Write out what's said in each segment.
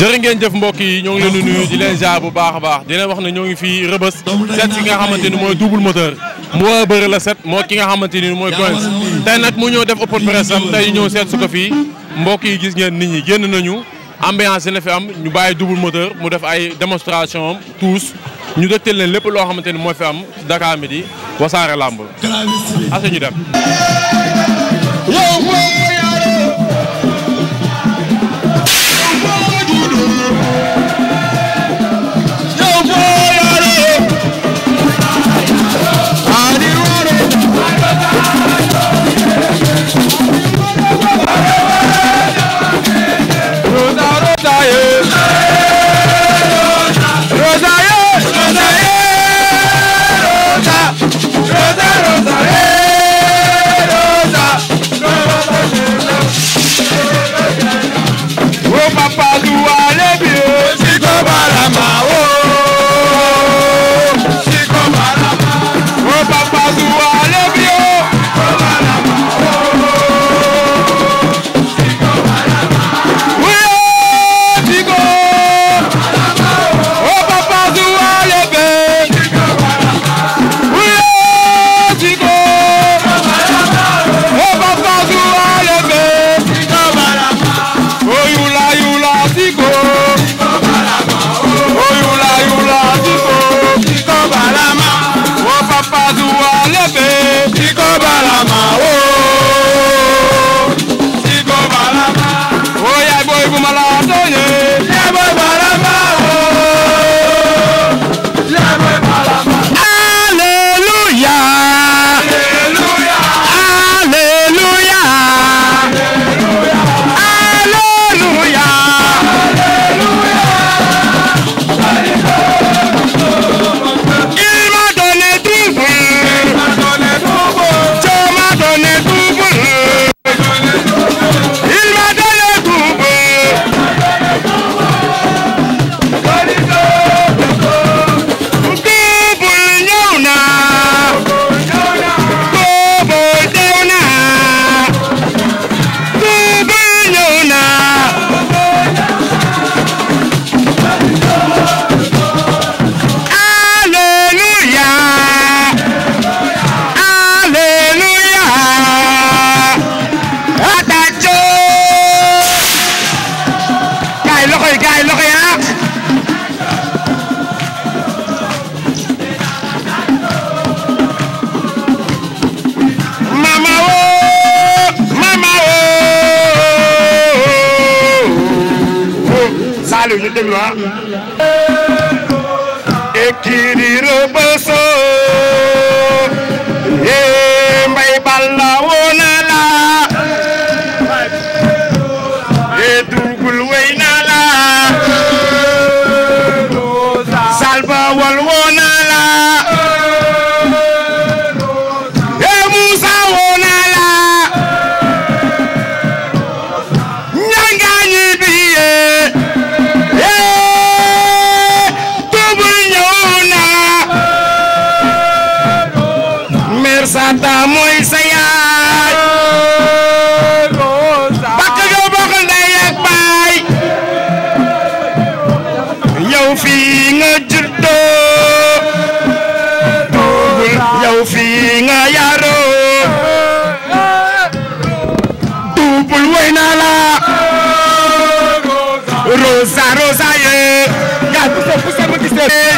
jërë ngeen jëf mbokk yi ñoo ngi leen di nuyu di leen jaar bu baax a baax di leen wax ne ñoo ngi fii rëbës seet si nga xamante ni mooy double moteur mu war a bëri la set moo ki nga xamante ni mooy Quench tey nag mu ñëw def open press am tey ñëw seet si ko fii mbokk yi gis ngeen nit ñi génn nañu ambiance na fi am ñu bàyyi double moteur mu def ay démonstration am tous ñu dëgtal leen lépp loo xamante ni mooy fi am Dakar Midi Wassare Lamb asa ñu dem Saliou ñu déglu ah. ekiri rëbëso. Eh, mbay balla oh. fii nga juddoo yow fii nga yaroo duubul woy naa la rosa rosa yee yaa bu sa bu sa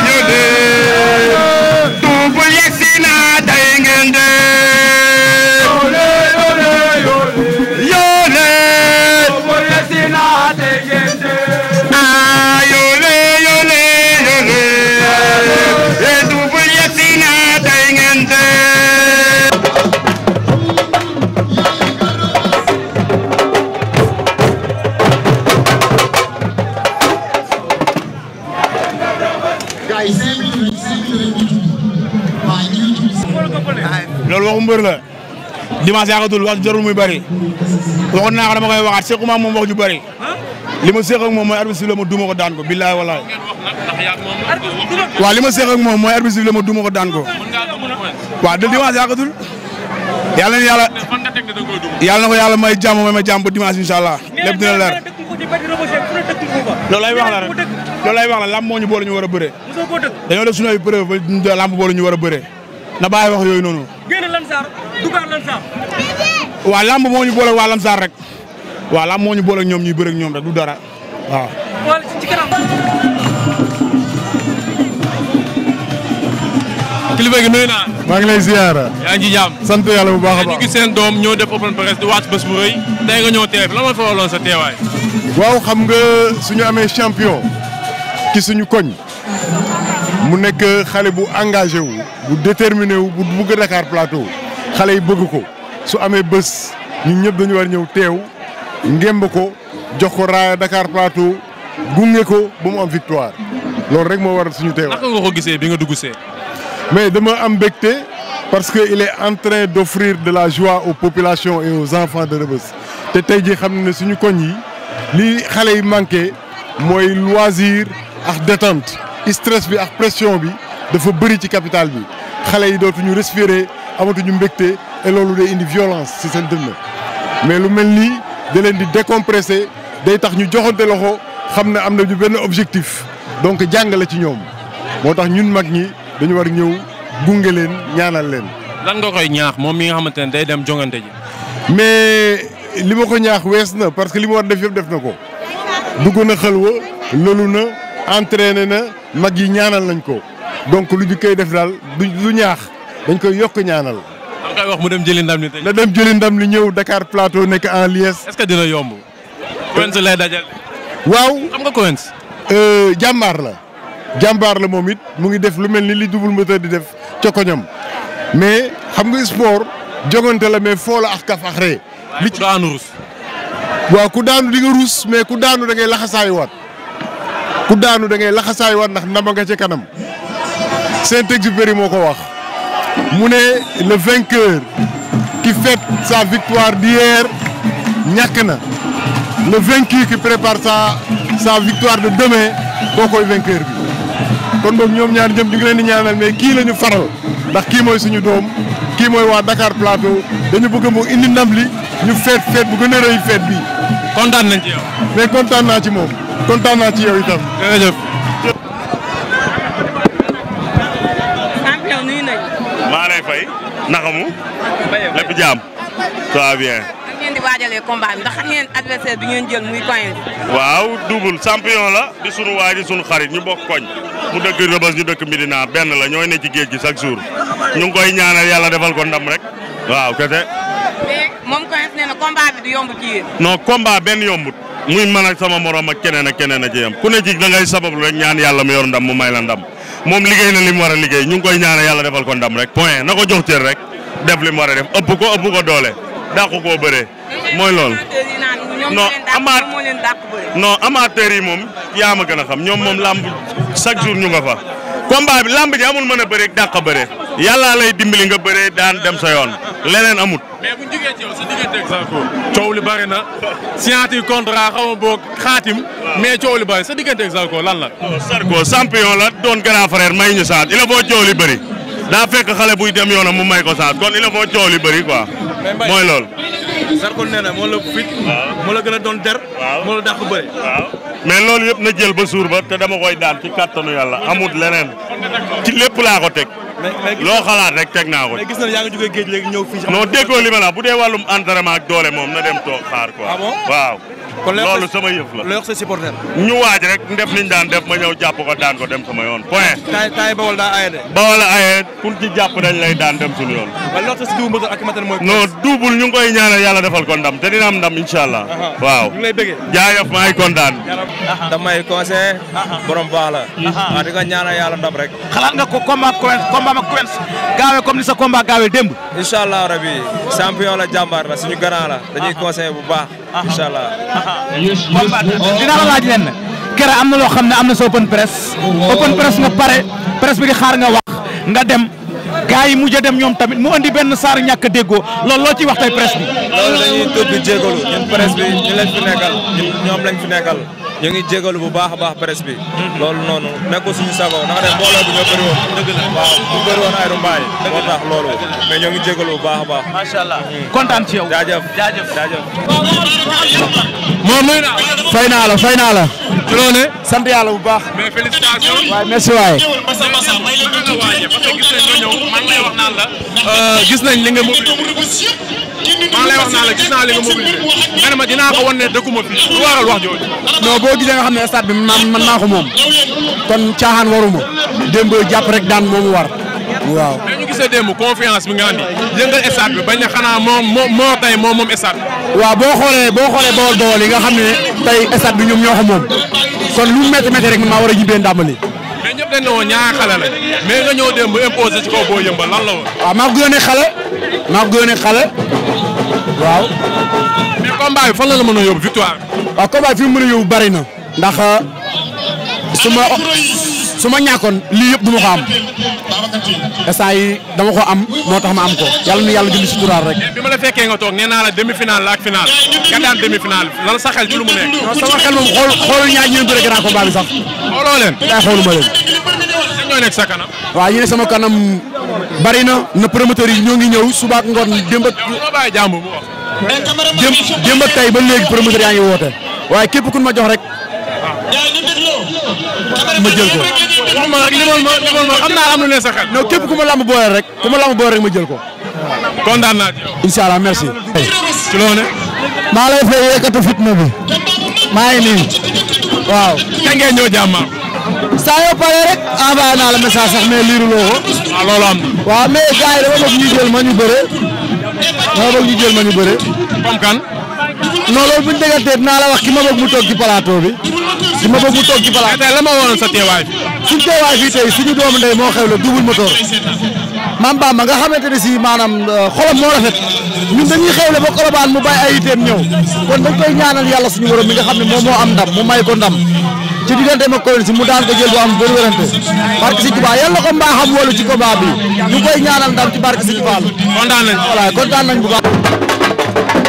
loolu waxu mbër la dimanche yaakatul wax jarul muy bëri waxoon naa ko dama koy waxaat sequma ak moom wax ju bëri li ma seq moom mooy arbitre la ma duma ko daan ko billaay walaay waaw li ma seq ak moom mooy i bi la ma duma ko daan ko waaw de yàlla na ko yàlla may jàmm ma jàmm ba lépp dina leer wax loolu lay wax la lamb moo ñu boole ñu war a bëree. dañoo def suñu ay preuve ba lamb boole ñu war a bëree na bàyyi wax yooyu noonu. génn Lansar duggaat Lansar. waaw lamb moo ñu boole waa Lansar rek waaw lamb moo ñu boole ak ñoom ñuy bëre ak ñoom rek du dara waaw. kilifa gi nuyu naa. maa ngi lay ziyaara. yaa ngi ci jàmm. sant yàlla bu baax a baax ñu gis seen doom ñoo def open press di wàcc bés bu rëy. tey nga ñëw teew lan moo fa waloon sa teewaay. waaw xam nga suñu amee champion. ci suñu koñ mu nekk xale bu engagé wu bu déterminé wu bu bëgg Dakar Plateau xale yi bëgg ko su amee bës ñun ñëpp dañu war ñëw teew ngemb ko jox ko raaya Dakar Plateau gunge ko ba mu am victoire loolu rek moo waral suñu teew. nga ko gisee bi nga dugg see. mais dama am mbégte parce que il est en train d' offrir de la joie aux populations et aux enfants de Rebeuss te tey jii xam ne suñu koñ yi li xale yi manqué mooy loisir. ak détente stress bi ak pression bi dafa bëri ci capital bi xale yi dootuñu respirer amatuñu mbégte et loolu day indi violence ci seen dënn mais lu mel nii da leen di décompresser day tax ñu joxante loxo xam ne am na ñu benn objectif donc jàngale ci ñoom moo tax ñun mag ñi dañu war ñëw gunge leen ñaanal leen. lan nga koy ñaax moom mi nga xamante ne day dem jongante ji. mais li ma ko ñaax wees na parce que li ma war def yëpp def na ko dugg na xalwa entraîné na mag yi ñaanal nañ ko donc lu ñu koy def daal du du ñaax dañ koy yokk ñaanal. koy mu dem jëli ndam li tey. na dem jëli ndam li ñëw Dakar Plateau nekk en liesse. est-ce que dina yomb. Quench lay dajal. waaw xam nga Quench. Euh, jàmbaar la. jàmbaar la moom it mu ngi def lu mel ni li double moteur di def ca koñam mais xam nga sport jogante la mais foo la ax kaf ax ree. li ci daanu rus. waaw ku daanu di nga rus mais ku daanu da ngay laxasaayuwaat. ku daanu da ngay laxasaay waat ndax ndama nga ci kanam Saint-Exupéry moo ko wax mu ne le vainqueur ki fête sa victoire d'hier ñàkk na le vaincu qui prépare sa sa victoire de demain koo koy vainqueur bi kon boog ñoom ñaar jëm ñu ngi leen di ñaameel mais kii lañu faral ndax kii mooy suñu doom kii mooy waa Dakar Plateau dañu bëgg mu indi ndam li ñu feet feet bu gën a rëy feet bi kontaan nañ ci yow mais kontaan naa ci moom kontaan naa ci yow itam jërëjëf. champion nuyu nañu. maa lay fay. nakamu. lépp jaam. ça bien. ak ngeen di waajalee combat bi ndax xam ngeen adversaire bi jël muy koñ. waaw double champion la di sunu waay sunu xarit ñu bokk koñ. mu dëkk Rebeuss ñu dëkk Medina benn la ñooy ne ci géej gi chaque jour ñu ngi koy ñaanal yàlla defal ko ndam rek. waaw kese. mais moom koñ nee na combat bi du yomb ci yéen. non benn yombut. muy man ak sama morom ak keneen ak keneen a ci yam ku ne ci da ngay sabablu rek ñaan yàlla mu yor ndam mu may la ndam moom liggéey na li mu war a liggéey ñu ngi koy ñaanal yàlla defal ko ndam rek point na ko jox cër rek def li mu war a def ëpp ko ëpp ko doole dàq koo bëree mooy loolu non amaat non amateurs yi moom yaa ma gën a xam ñoom moom làmb chaque jour ñu nga fa combat bi lamb ji amul mën a bëre dàq a bëre yàllaa lay dimbali nga bëree daan dem sa yoon leneen amut. mais bu ñu li bëri na signature contrat xaw ma boog xaatim. mais coow li bëri sa digganteeg Zarko lan la. Zarko champion la doon grand frère may ñu saat il faut coow li daa fekk xale buy dem yoonam mu may ko saat kon il faut coow li bëri quoi. mooy loolu. Zarko nee moo la fit moo la gën a doon der. moo la dàq bëri. mais loolu yëpp na jël ba suur ba te dama koy daan ci kàttanu yàlla amut leneen ci lépp laa ko teg. loo xalaat rek teg naa ko. mais gis nañu yaa ngi jógee géej léegi ñëw fii. non déggoo li bu dee wàllum entraînement ak doole moom na dem toog xaar quoi. Ah waaw. loolu sama yëf la loolu sa supporter ñu waaj rek ndef liñ daan def ma ñëw jàpp ko daan ko dem sama yoon point tay tay daa aye de bawol aye pour ci jàpp dañ lay daan dem suñu yoon loolu sa si duub ñu koy ñaanal yàlla defal ko ndam te dina am ndam insha allah waaw ñu lay bëggee jaajëf maay kontaan damay conseil borom baax la waaw di nga ñaanal yàlla ndam rek xalaat ko combat combat ak Quench gaawee comme ni sa combat gaawee démb incha allah rabi champion la jàmbaar la bu baax incha dinaa la laaj lenn kera am na loo xam ne am na sa open press oh. open press nga pare press bi di xaar nga wax nga dem gaay yi mujj a dem ñoom tamit mu indi benn saar ñàkk a déggoo loolu loo ciy wax tey presse bi. loolu la ñuy tudd jégalu ñun presse bi ñu lañ fi nekkal ñoom lañ fi nekkal. ñu ngi jégalu bu baax a baax presse bi. loolu noonu nekkul suñu sago naka dem mbooloo bi ñoo bëri woon. dëgg bu bëri woon ay rumbaay. dëgg la moo loolu mais ñoo ngi jégalu bu baax baax. macha allah mm-hmm. kontaan ci yow. jaajëf jaajëf jaajëf. moom naa. fay naa la fay naa la. ci sant yàlla bu baax. mais félicitations. waay waay. masa euh, gis nañ li nga maa lay wax naa la gis naa li nga mobilisé nga ne ma dinaa ko wan ne dëkkuma fi lu waral wax jooju. non boo gisee nga xam ne stade bi man man naa kon caaxaan waruma démb jàpp rek daan moomu war waaw. mais gisee démb confiance bi nga andi yëngal stade bi bañ na xanaa moom moo moom moom stade bi. waaw boo xoolee boo xoolee yi nga xam ne tey stade bi ñoom ñoo ko lu métti war a jibbee ndàmbali. mais ñëpp la mais nga ñëw démb la woon. waaw maa ko a xale maa ko a xale waaw. mais combat bi fan la la mën a yóbbu victoire. a combat bi fi mu mën a yóbbu bari na. ndax euh, su ma su ma ñàkkoon lii yëpp du ma ko am instant yi dama ko am moo tax ma am ko yàlla na yàlla julli si turaar rek. bi ma la fekkee nga toog nee naa la demi final la ak final nga daan demi final lan sa xel ci lu mu nekk. non sama xel moom xool xoolul ñaar ñeent bëre grand combat bi sax. xooloo leen. daay xooluma leen. ñoo nekk sa kanam. waaw ñu ne sama kanam. bari na na promoteurs yi ñoo ngi ñëw suba ak ngoon démb ak eh, démb ak tey ba léegi promoteurs yaa ngi woote waaye képp ku ma jox rek ma jël ko. ma na naa am na ne sa xel. non képp ku ma lamb boole rek ku ma lamb boole rek ma jël ko. kontaan naa ci. incha allah merci. ci loo ne. maa lay fay yëkkatu maa ngi nii. waaw. ka ngeen ñëw jàmm. saa yoo paree rek envoyé naa la message sax mais liiruloo ko. waaw ah, loolu am na. waaw mais gars yi ma ñu bëre. dama bëgg ñu jël ma ñu bëre. comme kan. non loolu bu ñu déggantee dinaa la wax ki ma bëgg mu toog ci bi. ki ma bëgg mu toog ci plateau bi. sa teewaay bi. suñu teewaay fii tey suñu moo xew la double moteur. maam Bamba nga xamante ne si maanaam euh, xolam moo rafet ñun dañuy xewle ba Colobane mu bàyyi ay itam ñëw kon dañ koy ñaanal yàlla suñu borom mi nga xam ne moom moo am ndam mu may ko ndam ci diggante ma Collins si mu daan ko jël bu am bëri wérante barke si Tuubaa yàlla ko mbaaxam wolu ci combat bi ñu koy ñaanal ndam ci barke si Tuubaa kontaan nañ voilà kontaan nañ bu baax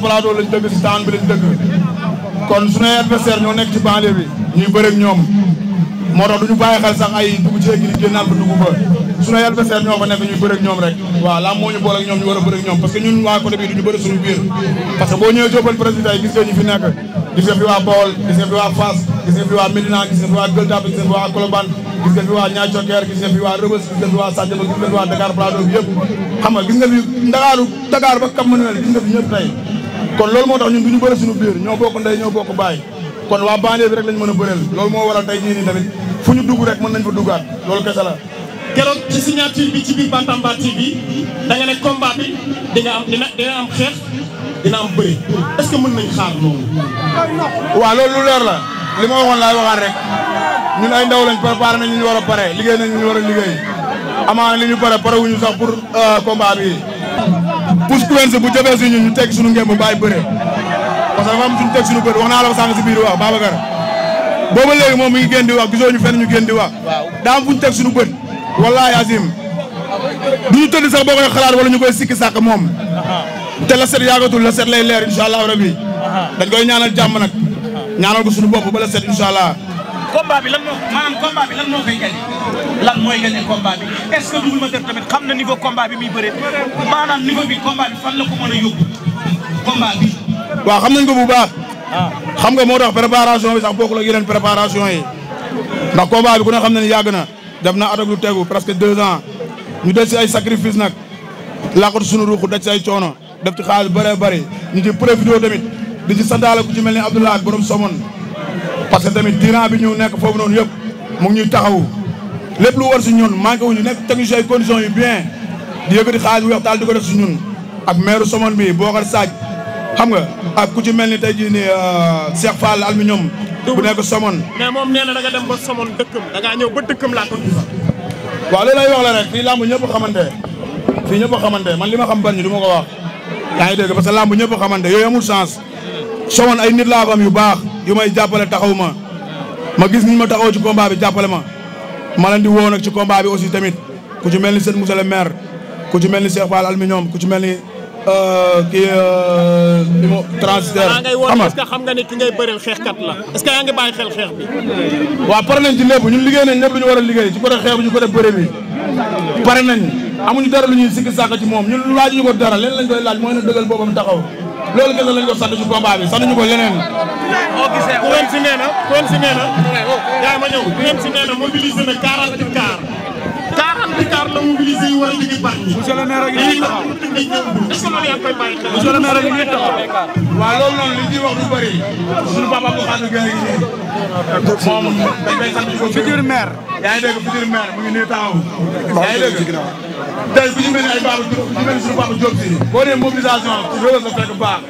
plateau lañ dëgg si taan bi lañ dëgg kon suñuy adversaire ñoo nekk ci banlieue bi ñuy bëreeg ñoom moo tax du ñu bàyyi xel sax ay dugg ci écurie génnaat ba dugg ba suñuy ñoo fa nekk ñuy bëreeg ñoom rek waaw laa moo ñu boole ñoom ñu war a ñoom parce que ñun waa côté bii du ñu bëri suñu parce que boo ñëwee jóbal président yi gis ñu fi nekk gis fi waa Bawol gis fi waa Fass gis fi waa Médina gis fi waa Gueule Tapée kon loolu moo tax ñun du ñu bëre suñu biir ñoo bokk ndey ñoo bokk baay kon waa banlieue bi rek lañ mën a bëreel loolu moo waral tey jii nii tamit fu ñu dugg rek mën nañ fa duggaat loolu kese la. keroog ci signature bi ci biir Bantamba TV bi nga ne combat bi di nga am dina dina am xeex dina am bëri est-ce que mën nañ xaar loolu. waaw loolu lu leer la li ma waxoon laay waxaat rek ñun ndaw lañ préparé nañ ñu war a pare liggéey nañ ñu war a liggéey amaana li ñu pare pare wuñu sax pour euh, combat bi. pousse Quench bu jëfee si ñun ñu teg suñu ngeen bu bàyyi bëree parce que teg suñu bëri wax naa la ko sànq si biir wax Babacar booba léegi moom mi ngi génn di wax gisoo ñu fenn ñu génn di wax daa am fu ñu teg suñu bët wallaahi azim du ñu tëdd sax boo koy xalaat ñu koy sikki sàkk moom te la set yaagatul la set lay leer incha allah rabi dañ koy ñaanal jàmm nag ñaanal ko suñu bopp ba la set incha lan mooy gagné combat bi que Double xam na niveau combat bi muy bëre maanaam niveau ko mën xam nañ ko bu baax. Ah. xam nga moo tax préparation bi sax bokkul ak yeneen préparation yi ndax combat bi ku ne xam na ne yàgg na def na at ak tegu presque deux ans ñu des si ay sacrifice nag laqatu sunu ruux daj si ay coono def ci xaalis bëree bëri ñu ci profité tamit di ci santaale ku ci mel ni Abdoulaye borom Somone parce que tamit diiran bi ñu nekk foofu noonu yëpp mu ngi ñuy taxawu. lépp lu war si ñun manqué wuñu nekk technicien ay conditions yi bien di yëkkati xaalis weex taal di ko def si ñun ak maire somone bi Bokar Sadj xam nga ak ku ci mel ni tey jii nii euh, Cheikh mi aluminium bu nekk somone mais moom nee na da nga dem ba somone dëkkam da ngaa ñëw ba dëkkam laa ko waaw loolu lay wax la rek fii làmb ñëpp xamante fii ñëpp xamante man li ma xam bari du ma ko wax yaa ngi dégg parce que làmb ñëpp xamante yooyu amul chance somone ay nit laa ko am yu baax yu may jàppale taxaw ma ma gis niñ ma taxaw ci combat bi jàppale ma leen di woo nag ci combat bi aussi tamit ku ci mel ni seen monsieur le maire ku ci mel ni Cheikh Fall Aluminium ku ci mel ni euh, kii li euh, mu transitaire. xam nga woon est-ce que nga ni ki ngay bëreel xeexkat la. est que yaa ngi bàyyi xel xeex bi. waaw pare nañ ci lépp ñun liggéey nañ ñëpp ñu war a liggéey ci côté xeex bi ñu côté bëre bi pare nañ amuñu dara lu ñuy sikki sàkk ci moom ñun laajuñu ko dara leen lañ koy laaj mooy na dëggal boobam taxaw. loolu gën lañ ko sant ci combat bi sant ñu ko leneen. boo gisee ku leen si nee na ku leen si nee na. yaay ma ñëw ku leen si nee na mobilisé na 40 car. la mobiliser yi war a liggéey baax ñi. monsieur le maire loolu yaa li ñuy wax du bëri. suñu papa bu xam ne gën a ngi moom dañ koy sant ko. futur mu ngi nii taxaw. yaa ngi dégg tey bu ñu mel ni ay Baba Diop si boo nee mobilisation loolu la fekk baax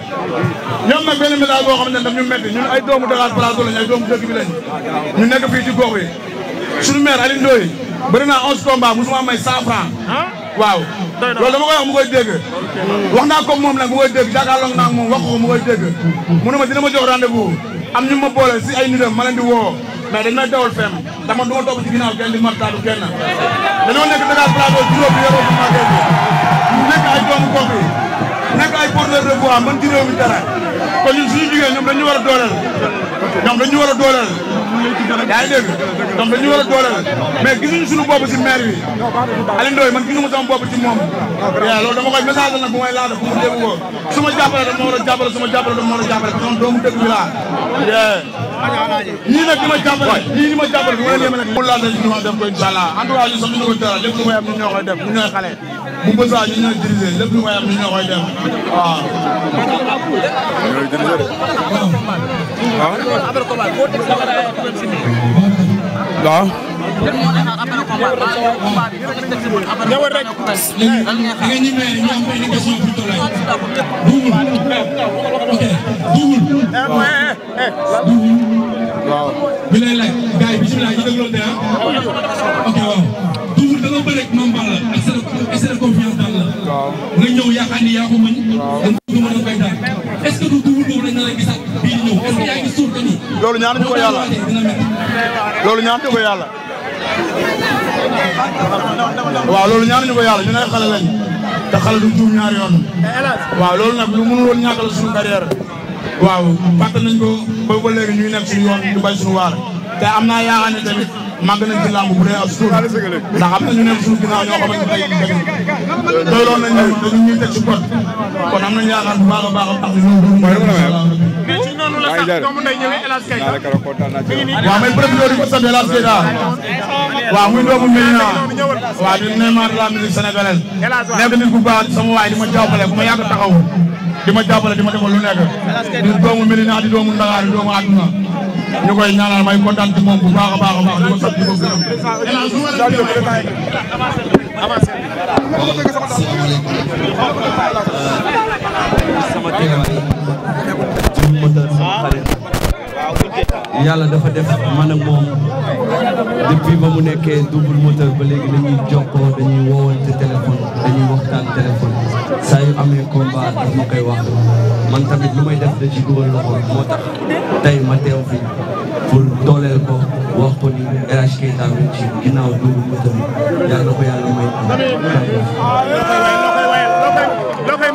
ñoom nag benn message boo xam ne daf ñu métti ñun ay doomu Dakar Plateau lañ ay doomu dëkk bi lañ ñu nekk fii ci gox yi suñu maire Alioune Ndoye bëri naa onze combats musuma may cent franc ah? waaw loolu dama koy wax mu koy dégg wax naa ko moom nag mu koy dégg jàkkaarloo naa moom wax ko mu koy dégg mu ne ma dina ma jox rendez am ñu boole si ay nitam ma leen di woo mais dañ may dawal fem ndax man du ma toog ci ginnaaw kenn di martaatu nekk Dakar Plateau juróom bi yoroo bi nekk ay doomu gox yi nekk ay porteur de voix man ci réew mi dara kon ñun suñu jugee ñoom dañu war a dooleel ñoom dañu war a dooleel yaa ngi dégg donc dañu war a dooleel mais gisuñu suñu bopp ci maire bi Aliou Ndoye man gisuma sama bopp ci moom yaa loolu dama koy ko su ma jàppale dama war a jàppale su ma jàppale dama a jàppale noonu doomu dëkk bi ñii nag di ma jàppale ñii di ma jàppale bu ma leen yemale mu laata ñu def ko incha allah en tout cas ñun sax ñu koy tëral lépp lu may am ñu ñoo koy def ñu ñooy xale bu ñoo koy def waaw. waaw. ñëwal rek. waaw. waaw. nga ñëw yaakaar ni yaa ko mën. waaw danga ko mën a béy est ce que du dugub boobu lañ la gisaat bii di ñëw est ce que yaa ngi suuf que ni. loolu ñaanuñu ko yàlla loolu ñaanuñu ko yàlla. waaw loolu ñaanuñu ko yàlla ñu ne xale lañ te xale du juum ñaari yoon. waaw loolu nag lu mënul woon ñàkkal suñu carrière. waaw fàttali nañ ko ba ba léegi ñuy nekk suñu yoon di bay suñu waar te am naa yaakaar ne tamit. màgg nañ ci làmb bu dee as tuut ndax am na ñu ne suuf ginnaaw ñoo xamante ne dañuy doyloon nañ ñu dañu ñuy teg ci pot kon am nañu yaakaar bu baax a baax a baax ñu mais ci noonu la sax doomu ndey ñëwee El Hadj Keita waaw may profité di ko sant El Hadj Keita waaw muy doomu Médina waaw di Neymar la musique sénégalaise nekk nit bu baax sama waay di ma jàppale ku ma yàgg taxaw di ma jàppale di ma defal lu nekk di doomu Médina di doomu Ndakaar di doomu àdduna ñu koy ñaanal may kontaan ci moom bu baax a baax a baax di ko sant di ko gërëm. salaamaaleykum. sama teewaay. sama xarit. yàlla dafa def man ak moom depuis ba mu nekkee double moteur ba léegi dañuy jokkoo dañuy woowante téléphone dañuy waxtaan téléphone saa yu amee combat daf ma koy wax man tamit lu may def da ci dugal loxo moo tax tey ma teew bi pour dooleel ko wax ko ni RH Keita ci ginnaaw double moteur yàlla ko yàlla may loo koy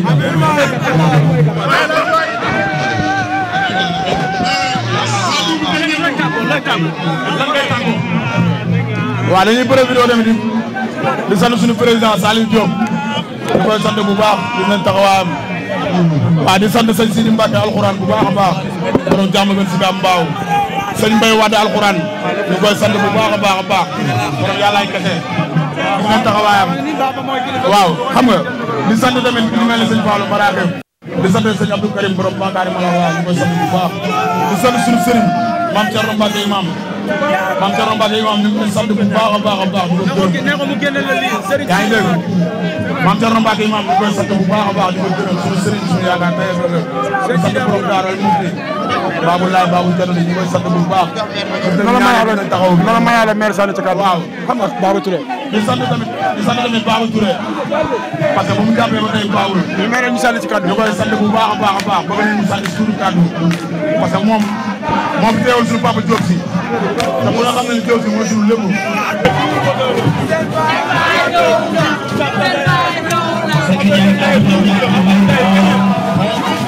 mooy ndam waaw dañuy profité tamit di di sant suñu président Saliou Diop di koy sant bu baax di leen taxawaayam waaw di sant sëñ Sidi Mbacke alxuraan bu baax a baax borom jàmm gën si gàmm mbaaw alxuraan ñu koy sant bu baax a baax a baax borom yàllaay kese waaw xam di sant tamit ku mel ni sëñ Fallou Maraké di sant sëñ Abdou Karim borom Bakari Malawa ñu koy sant bu baax di sant suñu sëriñ maam Thierno Mbacke maam man Thierno Mbacke yi ma am ñu ngi koy sant bu baax a baax a baax. di ko gërëm yaa ngi dégg man Thierno Mbacke yi ma am ñu ngi koy sant bu baax a baax di ko gërëm suñu sëriñ suñu yaakaar tey rek rek sant borom daaral mu fi Babou Laye Babou Thierno ñu ngi koy sant bu baax. dina la mayaale nañ taxaw dina la mayaale maire Sane ci kan waaw xam nga Babou Touré. di sant tamit di sant tamit Babou Touré parce que bu mu jàppee ba tey Babou la. ñu mel ne ñu sant ci kaddu ñu koy sant bu baax a baax a baax ba nga ñu sant suñu kaddu parce que moom. moom teewul suñu papa Diop si te mu nga xam ne Diop si mooy suñu lépp. Seydou Diagne